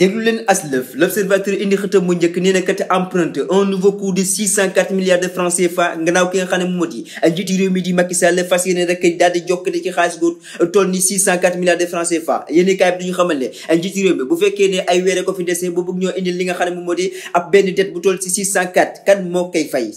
déglu leen aslëf l'observateur indi xëtam mu njëkk nee na kat emprunte un nouveau coût de milliards de francs CFA nga xam ne mu di Macky Sall fas yéene rek daal di jokkale ci xaalis googu toll ni 604 milliards de francs CFA yéeni kaay bi duñu xamal ne njiitu réew mi bu fekkee ne ay weere ko fi dese bu bëgg ñoo indil li nga xam ne mu mati ab benn dette bu toll ci kan moo koy fay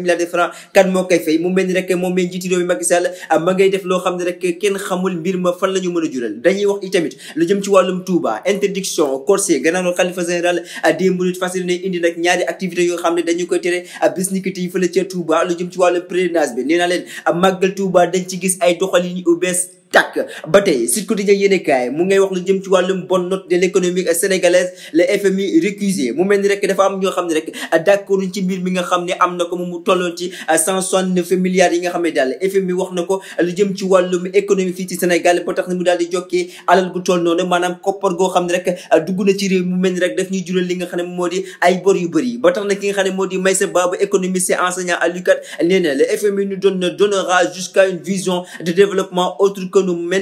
milliards de francs kan moo koy fay mu mel ni moom mee njiitu réew mi Macky ah, ma ngay def loo xam ne rek kenn xamul mbir ma fan la ñu mën a jural dañuy wax itamit lu jëm ci wàllum Touba interdiction Korsier gannaaw xalifa général ah, des Mourides fas yéene indi nag ñaari activités yoo xam ne dañu koy tere ah, bis ni ki tey fële ca Touba lu jëm ci wàllu pèlerinage bi nee a leen ah, màggal Touba dañ ci gis ay doxalin yu bees tàkk ba tey Sud Quotidien yéenekaay mu ngay wax lu jëm ci wàllum bonne note de l'économie sénégalaise le FMI récusé mu mel ni rek dafa am ñoo xam ne rek d'accord ci ci wàllum économie fii ci Sénégal ba tax na mu daal jokkee alal bu toll noonu maanaam koppar goo xam ne rek dugg na ci réew mu mel ni rek daf ñuy jural li nga xam ne moo di ay bor yu bëri ba tax na ki nga xam ne moo di Meïssa Babou économiste et enseignant à l'UCAD nee FMI nous donne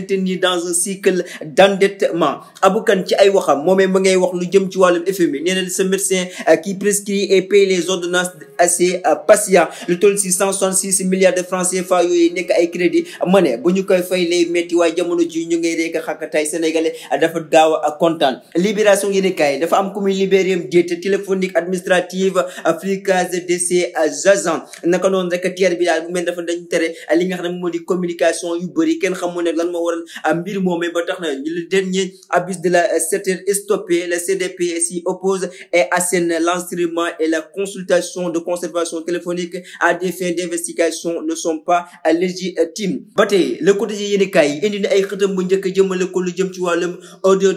que nous dans un cycle d'endettement Abou Kane ci ay waxam moomee ma ngay wax lu jëm ci wàllum FMI nee na ce médecin euh, qui prescrit et paye les ordonnances à ses euh, lu toll si cent six milliards de francs CFA yooyu nekk ay crédit ma bu ñu koy fay lay metti waaye jamono ji ñu ngay rek a xàkkataay sénégalais euh, dafa gaaw a kontaan libération yéene kaay dafa am ku muy libéré diète téléphonique administrative flicage de ses agents naka noonu rek li nga xam ne moo di communication yu ne lan moo waral ah, mbir moomee ba tax na le dernier abus de la secteur euh, stoppé le CDP s'y oppose et assène l'instrument et la consultation de conservation téléphonique à des fins d'investigation ne sont pas légitimes ba tey le quotidien yéenekaay yi indi na ay xëtam bu njëkk jëmale ko lu jëm ci wàllum odeur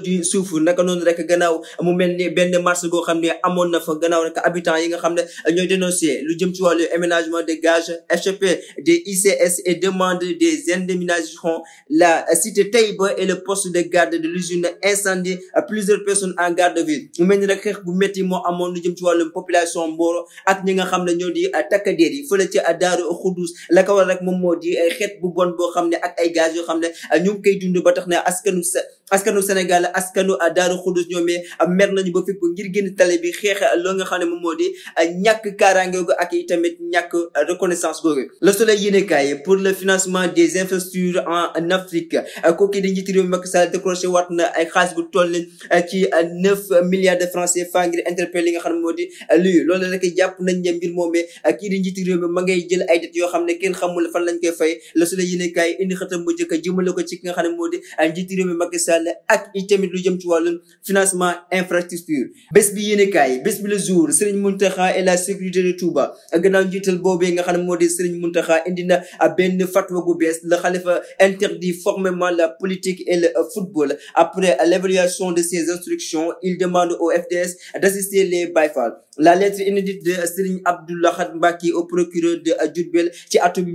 naka noonu rek gannaaw mu mel ni benn marché goo xam ne amoon na fa gannaaw rek habitants yi nga xam ne ñooy se lu jëm ci wàllu aménagement de gages HEP des ICS et demande des indemnisations la cité Taïba et le poste de garde de l'usine incendie plusieurs personnes en garde à vue mu mel ni rek xeex bu métti moo amoon lu jëm ci wàllum population Mboro ak nga xam ne ñoo di takkadeer yi fële ci Daaru Xudus la ko war rek moom moo di xeet bu bon boo xam ne ak ay gaz yoo xam ne ñu ngi koy dund ba tax ne askanu askanu Sénégal askanu Daaru Xudus a mer nañu ba fépp ngir génn tale bi xeex loo nga xam ne moom moo di ñàkk kaaraange googu ak i tamit ñàkk reconnaissance googu le soleil yéene Afrique euh, kooku di njiitu réew mi Macky Sall décroché waat na ay xaalis bu toll ci neuf milliards de francs CFA ngir interpellé li nga xam ne moo di luy e. loolu nag jàpp nañ ne mbir moomee euh, kii di njiitu réew mi ma ngay jël ay dettes yoo xam ne kenn xamul fan lañ koy fay la su la yéene kaay indi xatam bu njëkk jëmale ko ci ki nga xam ne moo di euh, njiitu réew mi Macky Sall ak itamit lu jëm ci wàllum financement infrastructure bés bi yéene kaay bés bi le jour Serigne Mountakha et la sécurité de Touba gannaaw njiital boobee nga xam ne moo di Serigne Mountakha indi na benn fatwa gu bees la xalifa inter interdit formellement la politique et le euh, football. Après l'évaluation de ces La lettre inédite de Serigne Abdou Lahad Mbacké au procureur de euh, Diourbel ci atum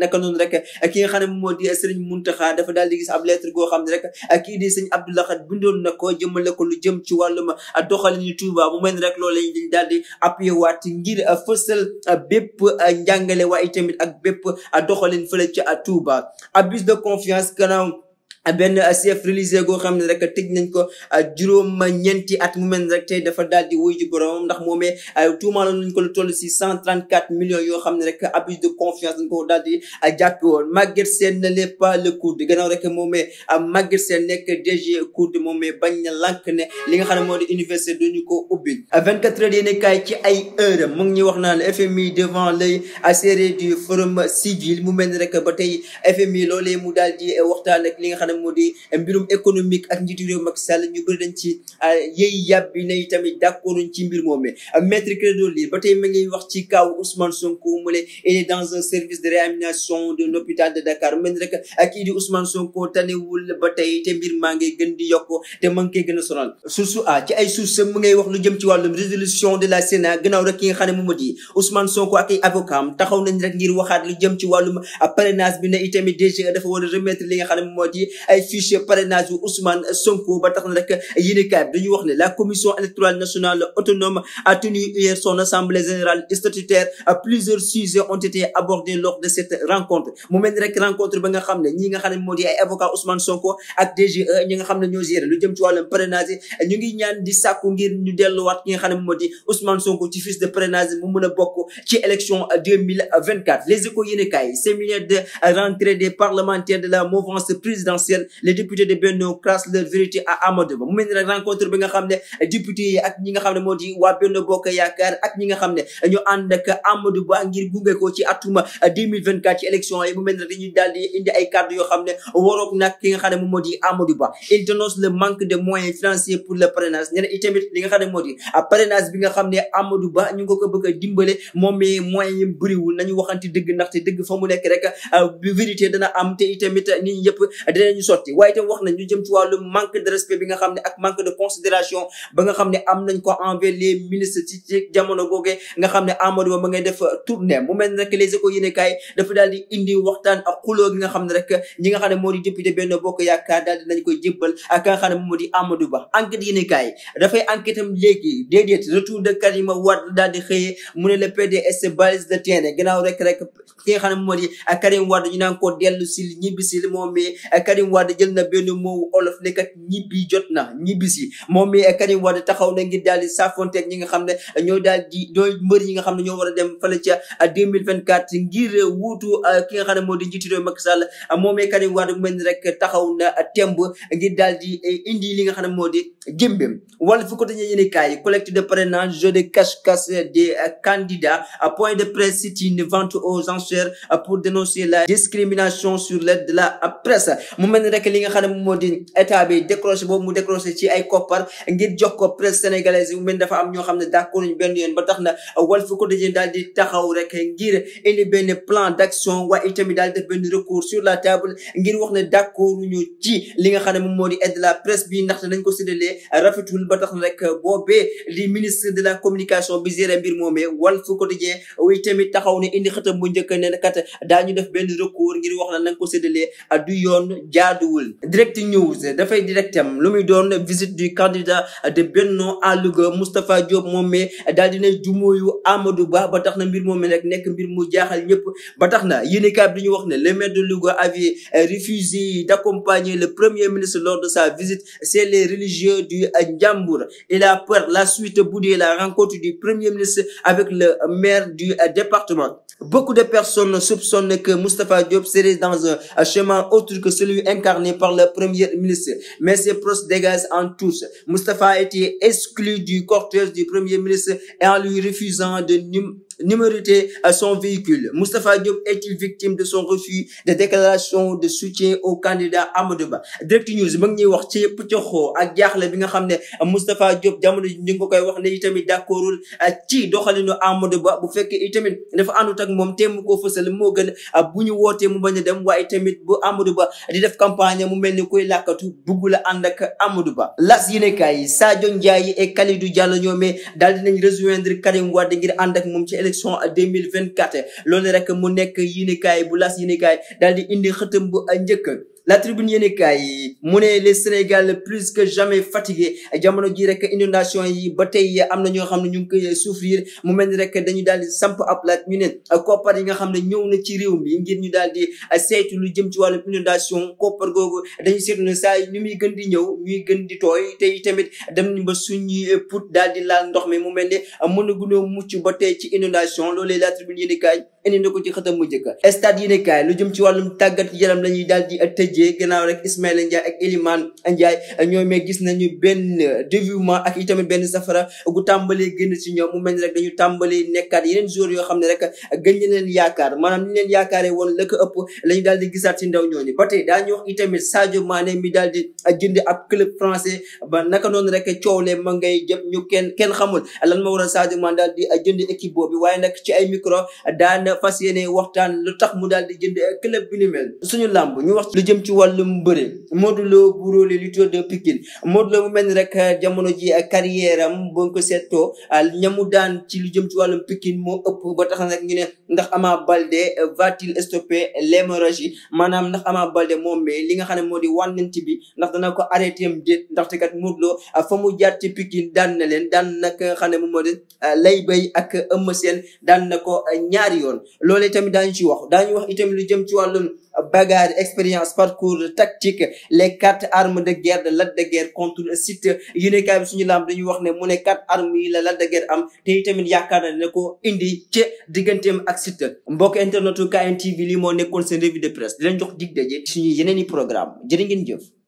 naka noonu rek euh, ki nga xam ne moo di Serigne xa dafa daal di gis ab lettre goo xam ne rek kii di Serigne Abdou Lahad bindoon na ko jëmale lu jëm ci wàllum doxalinu Touba mu mel ni rek loolu lañ dañ daal di appuyé waat ngir bépp njàngale waaye tamit ak bépp doxalin fële ci Touba Touba abus de confiance gannaaw a benn chef religieux goo xam ne rek tëj nañ ko juróom ñeenti at mu mel rek tey dafa daal di wuy ji boromam ndax moomee tuumaaloon nañ ko lu toll si cent trente quatre millions yoo xam ne rek abus de confiance dañ ko daal di jàppe woon Maguette Sène n'est pas le COUD gannaaw rek moomee Maguette Sène nekk DG COUD moomee bañ na lànk ne li nga xam ne moo di université duñu ko ubbi vingt quatre heures yéen kaay ci ay heure mu ngi ñuy wax FMI devant l'œil acéré du ba tey ne moo di eh, mbirum économique ak njiitu réew Macky Sall ci eh, yëy yàbbi na tamit d'accorduñ ci mbir moom mi eh, maître Clédor Ly ba tey ma ngi wax ci kaw Ousmane Sonko mu ne il est dans un service de réanimation de l'hôpital de Dakar mel rek ak kii di Sonko tanewul ba tey te mbir maa ngi gën di te ma ngi koy a sonal source a ci ay source mu ngay wax lu jëm ci wàllum résolution de la Sénat gannaaw rek ki nga xam ne moom di Ousmane Sonko ak ay avocat am taxaw nañ rek ngir waxaat lu jëm e a ay fiche parrainage yu Sonko ba tax na rek yéenekaay bi wax ne la commission électorale nationale autonome a tenu hier son assemblée générale statutaire plusieurs sujets ont été abordés lors de cette rencontre mu rek rencontre ba nga xam ne ñi nga xam ne moo ay avocat Ousmane Sonko ak DGE ñi nga xam ne ñoo géré lu jëm ci wàllum parrainage ngi ñaan di sàkku ngir ñu delluwaat ki nga xam ne moo di Sonko ci fiche de parrainage mu a bokk ci présidentielle les députés de Benno crachent leur vérité à Amadou Ba mu mel ni rek rencontre bi nga xam ne député yi ak ñi nga xam ne moo di waa Benno Bokk Yaakaar ak ñi nga xam ne ñoo ànd ak Amadou Ba ngir gunge ko ci atuma 2024 ci élection yi mu mel ni rek dañuy daal di indi ay cadres yoo xam ne waroon nag ki nga xam ne moom moo di Amadou Ba il dénonce le manque de moyens financiers pour le parrainage nee na itamit li nga xam ne moo di parrainage bi nga xam ne Amadou Ba ñu ngi ko bëgg a dimbale moom mais moyens yi bëriwul nañu waxante dëgg ndaxte dëgg fa mu nekk rek vérité dana am te itamit nit ñi yëpp dinañ ñu sotti waaye itam wax nañ ñu jëm ci wàllu manque de respect bi nga xam ne ak manque de considération ba nga xam ne am nañ ko envers les ministres ci ci jamono nga xam ne Amadou Ba ma ngay euh, ne rek les échos yéene kaay dafa daal indi waxtaan ak xuloo nga xam ne rek ñi nga xam ne moo di député benn di nañ koy jébbal ak nga xam ne moo di Karima Wade daal di xëyee mu PDS balise de terrain gannaaw rek rek ki nga xam ne moo di Karim Wade ñu ko dellu si ñibbi si moom mi Karim Karim Wade jël na benn moo olof ne kat ñibbi jot na ñibbi si moom mi Karim Wade taxaw na ngir daal di saafonteeg ñi nga xam ne ñoo daal di ñooy mbër yi nga xam ne ñoo war a dem fële ca 2024 ngir wuutu ah, ki nga xam ne moo di njiitu réew Macky Sall ah, moom mi Karim Wade mel ni rek taxaw na temb ngir daal di eh, indi li nga xam ne moo di jëmbeem wala fu ko dañee yéene kaay collecte de parrainage jeu de cache-cache des a ah, point de presse c'est une vente aux enchères pour dénoncer la discrimination sur l'aide de la presse mel ni rek li nga xam ne moo di état bi décroché boobu mu décroché ci ay koppar ngir jox ko presse sénégalaise yu mel dafa am ñoo xam ne d'accord ñu benn yoon ba tax na Walf Quotidien daal di taxaw rek ngir indi benn plan d'action waaye itamit daal def benn recours sur la table ngir wax ne d'accord ñu ci li nga xam ne moom moo di la presse bi ndaxte nañ ko séddalee rafetul ba tax na rek boobee di ministre de la communication bi géré mbir moomee Walf Quotidien way tamit taxaw ne indi xëtam bu njëkk ne kat daañu def benn recours wax na nañ ko séddalee du yoon jaar jaaduwul direct news dafay directem lu muy doon visite du candidat de Benno à Louga Moustapha Diop moom mais daal dina jumóoyu Amadou Ba ba tax na mbir moom rek nekk mbir mu jaaxal ñëpp ba tax na yéenekaay bi dañu wax ne le maire de Louga avait euh, refusé d'accompagner le premier ministre lors de sa visite chez les religieux du euh, Ndiambour il a peur la suite bu dee la rencontre du premier ministre avec le maire du euh, département Beaucoup de personnes soupçonnent que Moustapha Diop serait dans un chemin autre que celui incarné par le premier ministre. Mais ses proches dégagent en tous. Moustapha a été exclu du cortège du premier ministre et en lui refusant de numériter euh, son véhicule. Moustapha Diop est-il victime de son refus de déclaration de soutien au candidat Amadou Ba Direct News mu ngi ñuy wax ci pëccoxoo ak jaaxle bi nga xam ne Moustapha Diop jamono ji ñu ngi koy wax ne itamit d'accordul euh, ci doxalinu Amadou Ba bu fekkee itamit moom te mu ko fësal moo gën ah, bu ñu wootee mu bañ a dem waaye tamit bu Amadou Ba di def campagne mu mel ni koy làkkatu bugg la ànd ak Amadou Ba las yéene kaay Sadio Ndiaye et Kalidou Diallo ñoome daal dinañ rejoindre Karim Wade ngir ànd ak moom ci élection 2024 loolu rek mu nekk yéene kaay bu las yéene kaay daal di indi xëtam a njëkk la tribune yéenekaay yi mu ne les Sénégal plus que jamais fatigué jamono ji rek inondation yi ba tey am na ñoo xam ne ñu ngi koy souffrir mu mel ni rek dañu daal di samp ab ñu ne koppar yi nga xam ne ñëw na ci réew mi ngir ñu daal di saytu lu jëm ci wàllum inondation koppar googu dañu seetlu ne saa yi ñu muy gën di ñëw ñuy gën di tooy te tamit dem nañ ba suñuy put daal di laal ndox mi mu mel a mën a gunoo mucc ba tey ci inondation loolee la tribune yéenekaay indi na ko ci xëtam mu njëkk stade yéenekaay lu jëm ci wàllum tàggat yaram la Dieye gannaaw rek Ismaïla Ndiaye ak Elimane Ndiaye ñoomee gis benn dévouement ak itamit benn safara gu tàmbalee génn ci ñoom mu mel ni rek dañu tàmbalee nekkaat yeneen joueurs yoo xam ne rek a ñu leen yaakaar maanaam ni leen yaakaaree woon la ko ëpp la ñu daal di gisaat ci ndaw ñooñu ba tey daañu wax itamit Sadio Mané mi daal di jënd ab club français ba naka noonu rek coow lee ma ngay jëm ñu kenn kenn xamul lan ma war a Sadio Mané daal di jënd équipe boobu waaye nag ci ay micro daana fas yéene waxtaan lu tax mu daal di jënd club bi ni mel suñu làmb ñu jëm ci wàllum bëre Modou Lo Gris Bordeaux lutteur de Pikine Modou Lo mu mel ni rek euh, jamono ji euh, carrière am boo ko seetloo euh, ñamu daan ci lu jëm ci wàllum Pikine moo ëpp ba tax nag ñu ne ndax Ama Baldé va-t-il stopper l'hémorragie maanaam ndax amaa Baldé moom mais li nga xam ne moo di wànnent bi ndax dana ko arrêté am déet ndaxte kat Modou Lo fa mu jaar ci Pikine daan na leen daan nag xam moom moo di lay bay ak Eumeu Sène daan na ko ñaari yoon loolee tamit daañu ci wax daañu wax itam lu jëm ci wàllum bagage expérience parcours tactique les quatre armes de guerre de Lac de Guiers contre site yéenekaay bi suñu lamb dañuy wax ne mu ne quatre armes yi la Lac de Guiers am te itamit yaakaar na ne ko indi ci digganteem ak site mbokk internetu KN TV lii moo nekkoon seen revue de presse di leen jox dig daje suñu yeneen i programme jërë ngeen jëf